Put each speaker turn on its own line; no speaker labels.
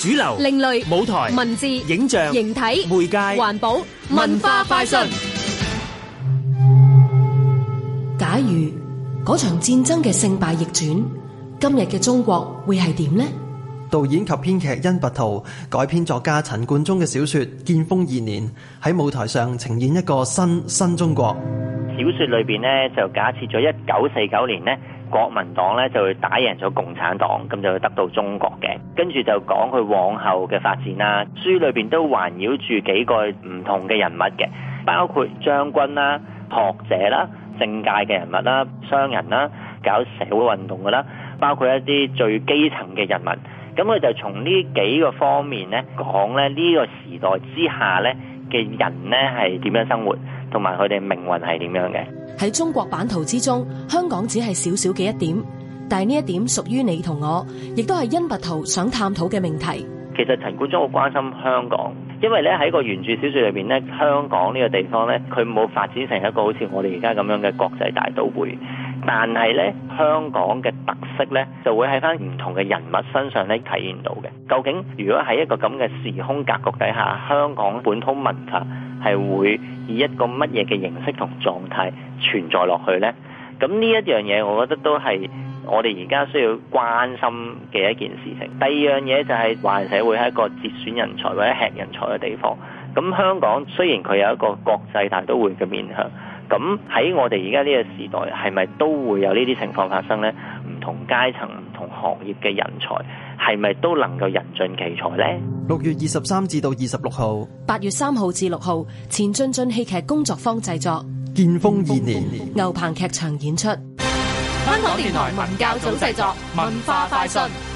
主流、另類舞台、文字、影像、形體、媒介、環保、文化快訊。假如嗰場戰爭嘅勝敗逆轉，今日嘅中國會係點呢？
導演及編劇甄拔濤改編作家陳冠中嘅小說《建豐二年》，喺舞台上呈現一個新新中國。小說裏邊呢，就假設咗一九四九年呢。國民黨咧就會打贏咗共產黨，咁就會得到中國嘅。跟住就講佢往後嘅發展啦。書裏邊都環繞住幾個唔同嘅人物嘅，包括將軍啦、學者啦、政界嘅人物啦、商人啦、搞社會運動嘅啦，包括一啲最基層嘅人物人民。咁佢就從呢幾個方面咧講咧呢個時代之下咧嘅人咧係點樣生活。同埋佢哋命運係點樣嘅？
喺中國版圖之中，香港只係少少嘅一點，但係呢一點屬於你同我，亦都係恩伯圖想探討嘅命
題。其實陳冠中好關心香港，因為咧喺個原著小説裏邊咧，香港呢個地方咧，佢冇發展成一個好似我哋而家咁樣嘅國際大都會，但係咧香港嘅特色咧，就會喺翻唔同嘅人物身上咧體現到嘅。究竟如果喺一個咁嘅時空格局底下，香港本土文化，係會以一個乜嘢嘅形式同狀態存在落去咧？咁呢一樣嘢，我覺得都係我哋而家需要關心嘅一件事情。第二樣嘢就係華人社會係一個節選人才或者吃人才嘅地方。咁香港雖然佢有一個國際大都會嘅面向，咁喺我哋而家呢個時代，係咪都會有呢啲情況發生咧？同階層、唔同行業嘅人才，係咪都能夠人盡其才呢？六月二十三至到二十六號，
八月三號至六號，前進進戲劇工作坊製作
《建鋒二年，年，年》風風
風風，牛棚劇場演出，
香港電台文教組製作，文化快訊。